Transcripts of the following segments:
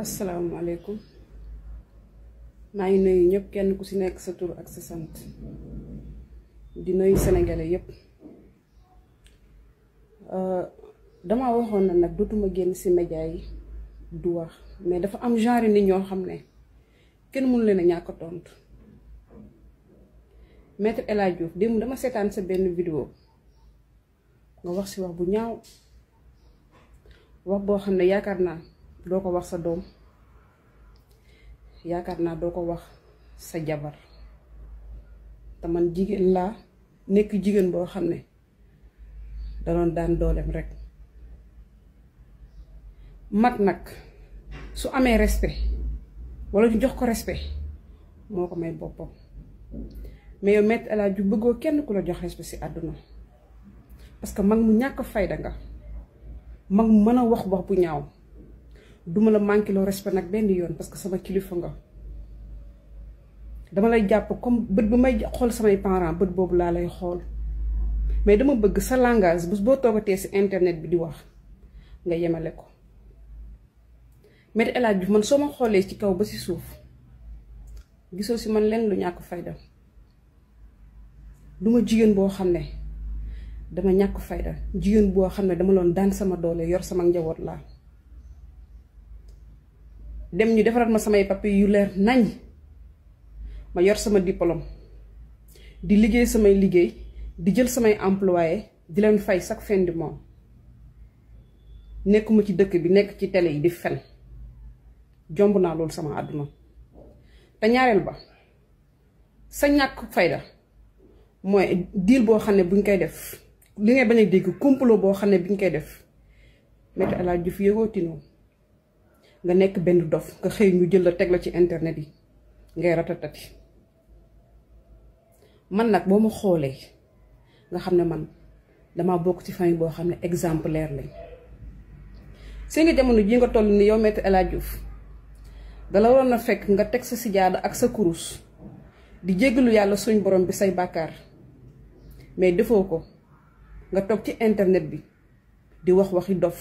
asalaamaaleykum maa ngi nuyu ñëpp kenn ku ci nekk sa tur ak sa sant di nuyu sénégalais yépp euh, dama waxoon na nag dootuma génn si média yi du wax mais dafa am genre nit ñoo xam ne kenn mënu leen ñàkk a tontu maître El démb dama seetaan sa benn vidéo nga wax ci wax bu ñaaw wax boo xam ne yaakaar naa. doo ko wax sa doom yaakaar naa doo ko wax sa jabar te man jigéen laa nekk jigéen boo xam ne danoon daan dooleem rek mag nag su amee respect wala ñu jox ko respect moo ko may boppam mais yow Maître El ju bëggoo kenn ku la jox respect ci àdduna parce que mag mu ñàkk fayda nga mag mu mën a wax wax bu ñaaw duma la manqué loo respect nag benn yoon parce que sama kilifa nga dama lay jàpp comme bët bu may xool samay parent bët boobu laa lay xool mais dama bëgg sa langage bu boo toogatee si internet bi di wax nga yemale ko mais El Hadj man soo ma xoolee ci kaw ba si suuf gisoo si man lenn lu ñàkk fayda duma jigéen boo xam ne dama ñàkk fayda jigéen boo xam ne dama loon daan sama doole yor sama njaboot laa dem ñu defaral ma samay papier yu leer nañ ma yor sama diplôme di liggéey samay liggéey di jël samay employé di leen fay chaque fin du mois nekkuma ci dëkk bi nekk ci tele yi di fen jomb naa loolu sama àdduna te ñaareel ba sa ñàkk fayda mooy diil boo xam ne bu buñ koy def li ngay bañ a dégg complot boo xam ne buñ koy def Maître El Hadji Diouf yëgoo tinoo nga nekk benn dof nga xëy ñu jël la teg la ci internet yi ngay ratatati man nag boo ma xoolee nga xam ne man dama bokk ci famille boo xam ne exemplaire lañ seeni jamono ji nga toll ni yow Maître El Hadji Diouf dala a fekk nga teg sa sijaada ak sa kurus di jéggalu yàlla suñ borom bi say bàkkaar mais defoo ko nga toog ci internet bi di wax waxi dof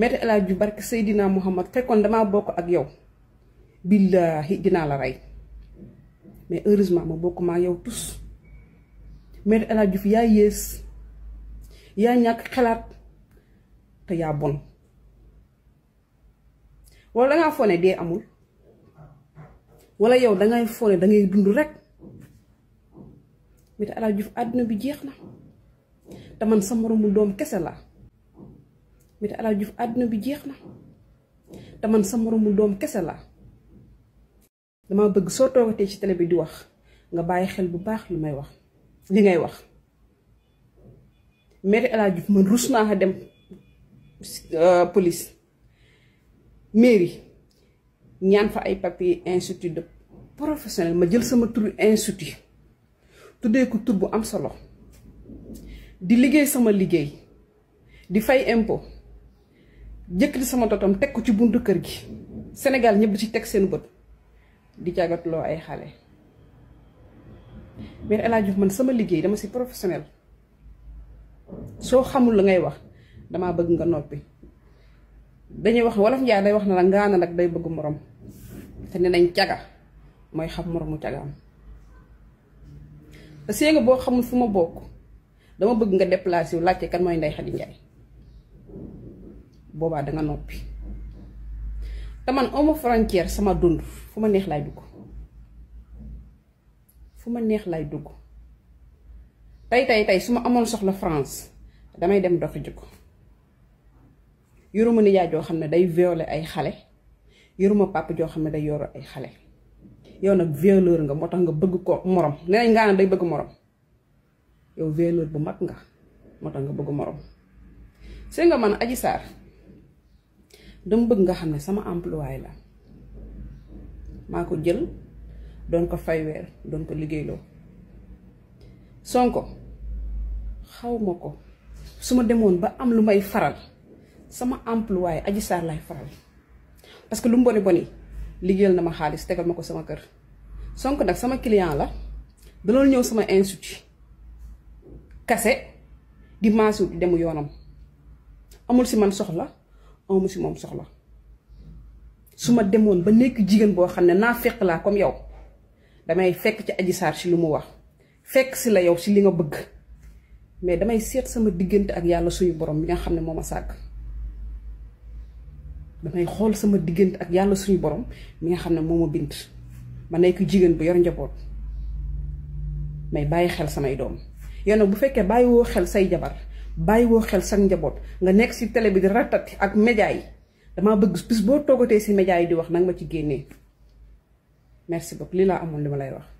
Maître El Hadji Diouf barke Seydina Mouhamad fekkoon damaa bokk ak yow billaahi dinaa la rey mais heureusement ma bokk maa yow tous Maître El Hadji Diouf yaa yées yaa ñàkk xalaat te yaa bon wala dangaa foone dee amul wala yow dangay foone dangay dund rek Maître El Hadji bi jeex na te man sa moromu doom kese la mais El Hadj Diouf àdduna bi jeex na te man sa moromu doom kese la dama bëgg soo toogatee ci télé bi di wax nga bàyyi xel bu baax li may wax li ngay wax mais El Hadj Diouf rus naa dem euh, police mairie ñaan fa ay papier institut de professionnel ma jël sama turu institut tuddee ko tur bu am solo di liggéey sama liggéey di fay impo yëkkati sama totom teg ko ci buntu kër gi senegal ñëpp di ci teg seen bët di jàggatloo ay xale mais El Hadj Diouf man sama liggéey dama si professionnel soo xamul la ngay wax damaa bëgg nga noppi dañuy wax wolof njaay day wax na la ngaana nag day bëgg moroom te ne nañ caga mooy xam moroomu cagaam te nga boo xamul fu ma bokk dama bëgg nga déplacé wu laajte kan mooy Ndeye Khady Ndiaye boobaa danga noppi te man awma frontière sama dund fu ma neex laay dugg fu ma neex laay dugg tey tey tey su ma amoon soxla France damay dem doxi ji ko yoruma nijaay joo xam ne day violer ay xale yoruma papa joo xam ne day yoro ay xale yow nag violeur nga moo tax nga bëgg ko morom nee nañ ngaa day bëgg morom yow violeur bu mag nga moo tax nga bëgg morom. sëñ nga man Adji Sarr dama bëgg nga xam ne sama employé la maa ko jël doon ko fay weer doon ko liggéeyloo Sonko xaw ma ko su ma demoon ba am lu may faral sama employé Adji Sarr lay faral parce que lu mu boni boni liggéeyal na ma xaalis tegal ma ko sama kër Sonko nag sama client la da loolu ñëw sama institut kase di maasu demu yoonam amul si man soxla awma si moom soxla su ma demoon ba nekk jigéen boo xam ne naa fekk laa comme yow damay fekk ci Adji Sarr si mu wax fekk si la yow si li nga bëgg mais damay seet sama diggante ak yàlla suñu borom bi nga xam ne moo ma sàkk damay xool sama diggante ak yàlla suñu borom mi nga xam ne moo ma bind ma nekk jigéen bu yor njaboot mais bàyyi xel samay doom yow nag bu fekkee bàyyiwoo xel say jabar bàyyiwoo xel sa njaboot nga nekk si télé bi di ratati ak média yi damaa bëgg bis boo toogatee si média yi di wax nag ma ci génnee merci beaucoup lii laa amoon li ma lay wax.